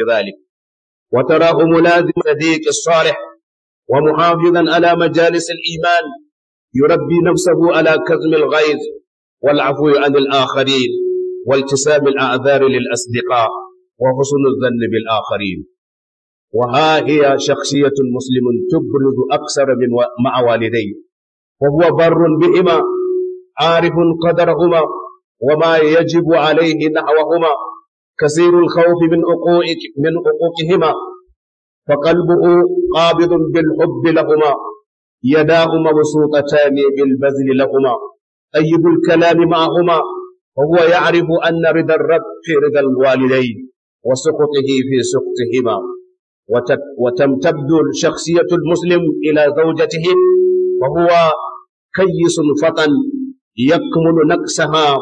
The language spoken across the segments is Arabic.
بذلك وتراه ملازم صديق الصالح ومحافظا على مجالس الإيمان يربي نفسه على كظم الغيظ والعفو عن الآخرين والتسام الأعذار للأصدقاء وحسن الظن بالآخرين وها هي شخصية مسلم تبرز أكثر من مع والديه وهو بر بهما عارف قدرهما وما يجب عليه نحوهما كثير الخوف من عقوقك من عقوقهما فقلبه قابض بالحب لهما يداه مبسوطتان بالبذل لهما طيب الكلام معهما وهو يعرف أن رضا الرب في رضا الوالدين وسقطه في سقطهما وتمتد شخصية المسلم إلى زوجته وهو كيس فطن يكمل نقصها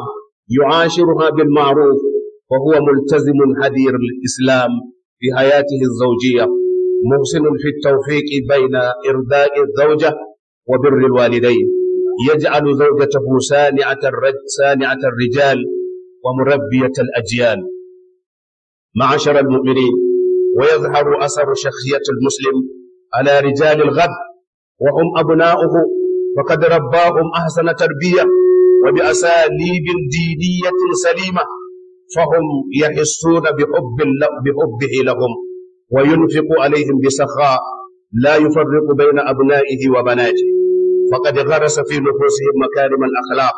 يعاشرها بالمعروف فهو ملتزم حذير الإسلام في حياته الزوجية محسن في التوفيق بين إرداء الزوجة وبر الوالدين يجعل زوجته سانعة سانعة الرجال ومربية الأجيال معشر المؤمنين ويظهر أثر شخصية المسلم على رجال الغد وهم أبناؤه فقد رباهم أحسن تربية وبأساليب دينية سليمة فهم يحسون بحب بحبه لهم وينفق عليهم بسخاء لا يفرق بين أبنائه وبناته فقد غرس في نفوسهم مكارم الأخلاق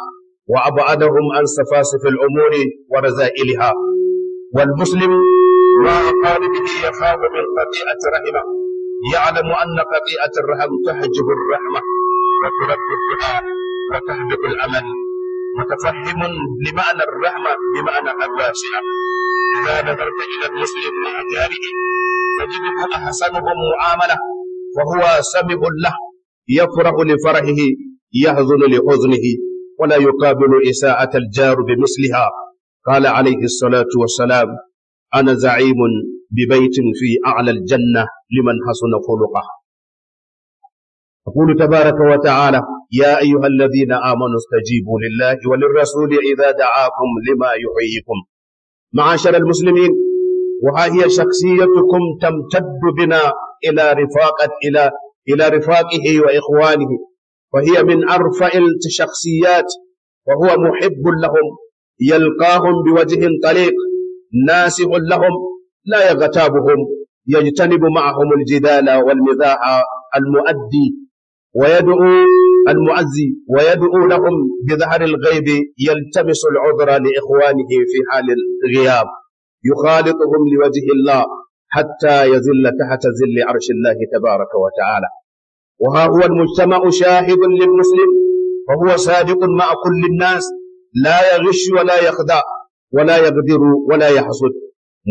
وأبعدهم عن سفاسف الأمور ورذائلها والمسلم ما قالبه يخاف من قطيعة رحمه يعلم أن قطيعة الرحم تحجب الرحمة وتلبي الدعاء وتحبط الامل متفهم لمعنى الرحمة بمعنى الواسعة إذا نظرت إلى المسلم مع جاره تجده أحسنه معاملة وهو سميع له يفرح لفرحه يحزن لحزنه ولا يقابل إساءة الجار بمثلها قال عليه الصلاة والسلام أنا زعيم ببيت في أعلى الجنة لمن حسن خلقه يقول تبارك وتعالى يا أيها الذين آمنوا استجيبوا لله وللرسول إذا دعاكم لما يحييكم معاشر المسلمين وها هي شخصيتكم تمتد بنا إلى رفاقة إلى إلى رفاقه وإخوانه وهي من أرفع الشخصيات وهو محب لهم يلقاهم بوجه طليق ناسخ لهم لا يغتابهم يجتنب معهم الجدال والمزاح المؤدي ويدعو المعزي ويدعو لهم بظهر الغيب يلتمس العذر لإخوانه في حال الغياب يخالطهم لوجه الله حتى يذل تحت ذل عرش الله تبارك وتعالى وها هو المجتمع شاهد للمسلم فهو صادق مع كل الناس لا يغش ولا يخدع ولا يغدر ولا يحسد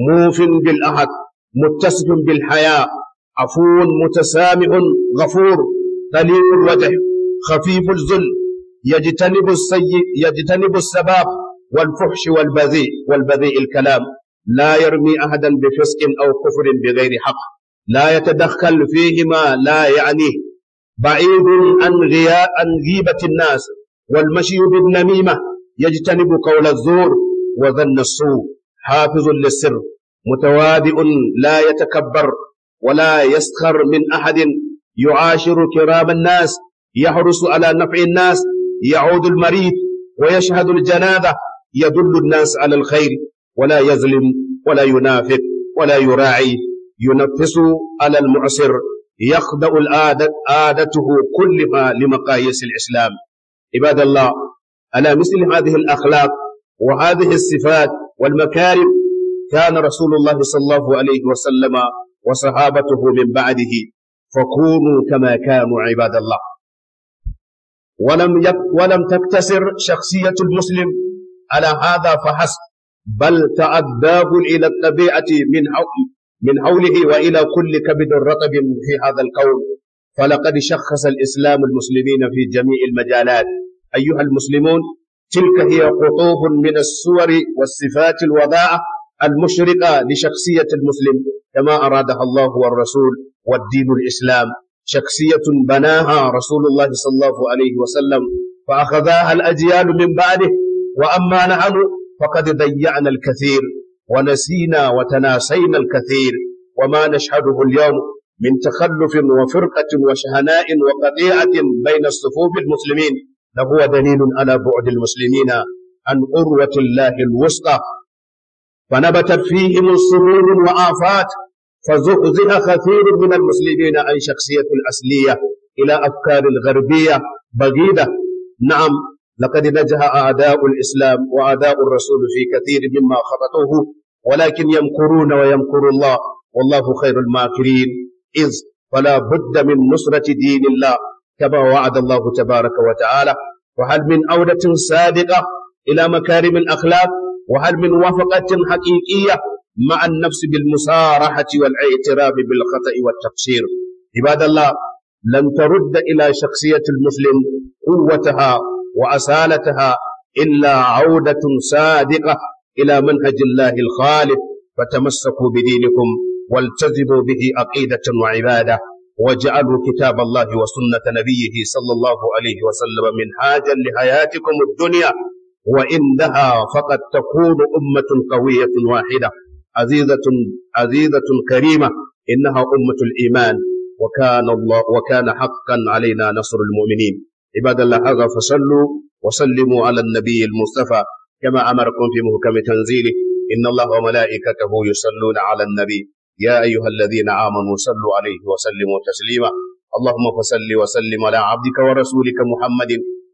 موف بالأحد متسف بالحياء عفو متسامح غفور قليل الوجه خفيف الذل يجتنب السيء يجتنب السباب والفحش والبذيء والبذيء الكلام لا يرمي أحدا بفسق أو كفر بغير حق لا يتدخل فيهما لا يعنيه بعيد عن غياء عن غيبة الناس والمشي بالنميمة يجتنب قول الزور وظن السوء حافظ للسر متوادئ لا يتكبر ولا يسخر من أحد يعاشر كرام الناس يحرص على نفع الناس يعود المريض ويشهد الجنازة يدل الناس على الخير ولا يظلم ولا ينافق ولا يراعي ينفس على المعسر يخدع الآدة آدته كلها لمقاييس الإسلام عباد الله على مثل هذه الأخلاق وهذه الصفات والمكارم كان رسول الله صلى الله عليه وسلم وصحابته من بعده فكونوا كما كانوا عباد الله ولم ولم تقتصر شخصية المسلم على هذا فحسب بل تعذاب إلى الطبيعة من من حوله وإلى كل كبد رطب في هذا الكون فلقد شخص الإسلام المسلمين في جميع المجالات أيها المسلمون تلك هي قطوف من الصور والصفات الوضاعة المشرقة لشخصية المسلم كما أرادها الله والرسول والدين الإسلام شخصية بناها رسول الله صلى الله عليه وسلم فأخذها الأجيال من بعده وأما نحن فقد ضيعنا الكثير ونسينا وتناسينا الكثير وما نشهده اليوم من تخلف وفرقة وشهناء وقطيعة بين الصفوف المسلمين لهو دليل على بعد المسلمين عن قروة الله الوسطى فنبتت فيهم السرور وآفات فزحزح كثير من المسلمين عن شخصية الأصلية إلى أفكار الغربية بغيدة نعم لقد نجح أعداء الإسلام وأعداء الرسول في كثير مما خططوه ولكن يمكرون ويمكر الله والله خير الماكرين إذ فلا بد من نصرة دين الله كما وعد الله تبارك وتعالى وهل من عودة صادقة إلى مكارم الأخلاق وهل من وفقة حقيقية مع النفس بالمصارحة والاعتراف بالخطأ والتقصير عباد الله لن ترد إلى شخصية المسلم قوتها وأصالتها إلا عودة صادقة إلى منهج الله الخالد فتمسكوا بدينكم والتزموا به عقيدة وعبادة واجعلوا كتاب الله وسنة نبيه صلى الله عليه وسلم منهاجا لحياتكم الدنيا وإنها فقد تكون أمة قوية واحدة عزيزة عزيزة كريمة إنها أمة الإيمان وكان الله وكان حقا علينا نصر المؤمنين عباد الله هذا فصلوا وسلموا على النبي المصطفى كما أمركم في محكم تنزيله إن الله وملائكته يصلون على النبي يا أيها الذين آمنوا صلوا عليه وسلموا تسليما اللهم فصل وسلم على عبدك ورسولك محمد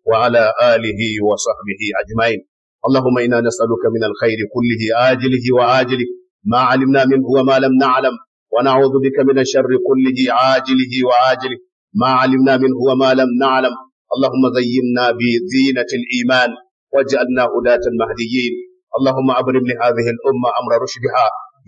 وعلى آله وصحبه أجمعين اللهم إنا نسألك من الخير كله آجله وآجله ما علمنا منه وما لم نعلم ونعوذ بك من الشر كله عاجله وآجله ما علمنا منه وما لم نعلم اللهم زينا بزينة الإيمان واجعلنا هداة مهديين اللهم أبرم لهذه الأمة أمر رشدها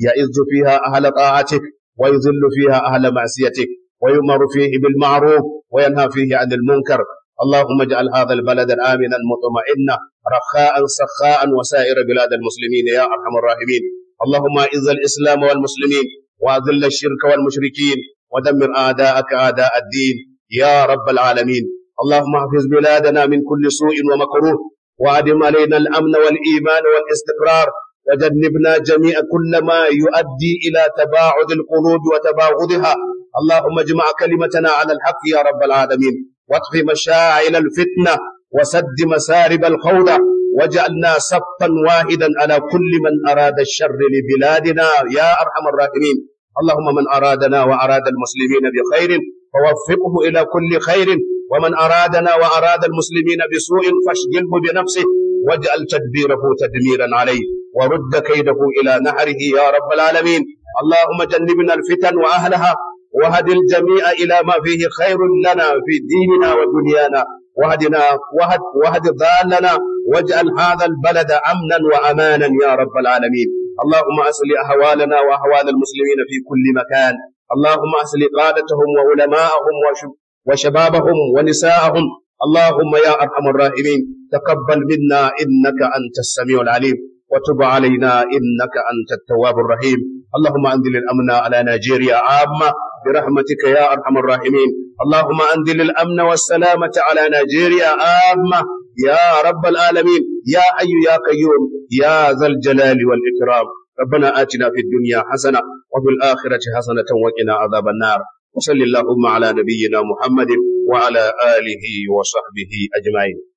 يعز فيها أهل طاعتك ويذل فيها أهل معصيتك ويؤمر فيه بالمعروف وينهى فيه عن المنكر اللهم اجعل هذا البلد آمنا مطمئنا رخاء سخاء وسائر بلاد المسلمين يا أرحم الراحمين اللهم أعز الإسلام والمسلمين وأذل الشرك والمشركين ودمر أعداءك أعداء الدين يا رب العالمين اللهم احفظ بلادنا من كل سوء ومكروه وأدم علينا الأمن والإيمان والاستقرار وجنبنا جميع كل ما يؤدي إلى تباعد القلوب وتباغضها اللهم اجمع كلمتنا على الحق يا رب العالمين واطفي مشاعل الفتنة وسد مسارب الخوضة وجعلنا سبطا واحدا على كل من أراد الشر لبلادنا يا أرحم الراحمين اللهم من أرادنا وأراد المسلمين بخير فوفقه إلى كل خير ومن أرادنا وأراد المسلمين بسوء فاشغله بنفسه واجعل تدبيره تدميرا عليه ورد كيده إلى نحره يا رب العالمين اللهم جنبنا الفتن وأهلها وهد الجميع إلى ما فيه خير لنا في ديننا ودنيانا وهدنا وهد وهد ضالنا واجعل هذا البلد امنا وامانا يا رب العالمين اللهم اصل احوالنا واحوال المسلمين في كل مكان اللهم اصل قادتهم وعلماءهم وشبابهم ونساءهم اللهم يا ارحم الراحمين تقبل منا انك انت السميع العليم وتب علينا انك انت التواب الرحيم اللهم انزل الامن على نيجيريا عامه برحمتك يا أرحم الراحمين اللهم أنزل الأمن والسلامة على نيجيريا آمة يا رب العالمين يا أي يا قيوم يا ذا الجلال والإكرام ربنا آتنا في الدنيا حسنة وفي الآخرة حسنة وقنا عذاب النار وصل اللهم على نبينا محمد وعلى آله وصحبه أجمعين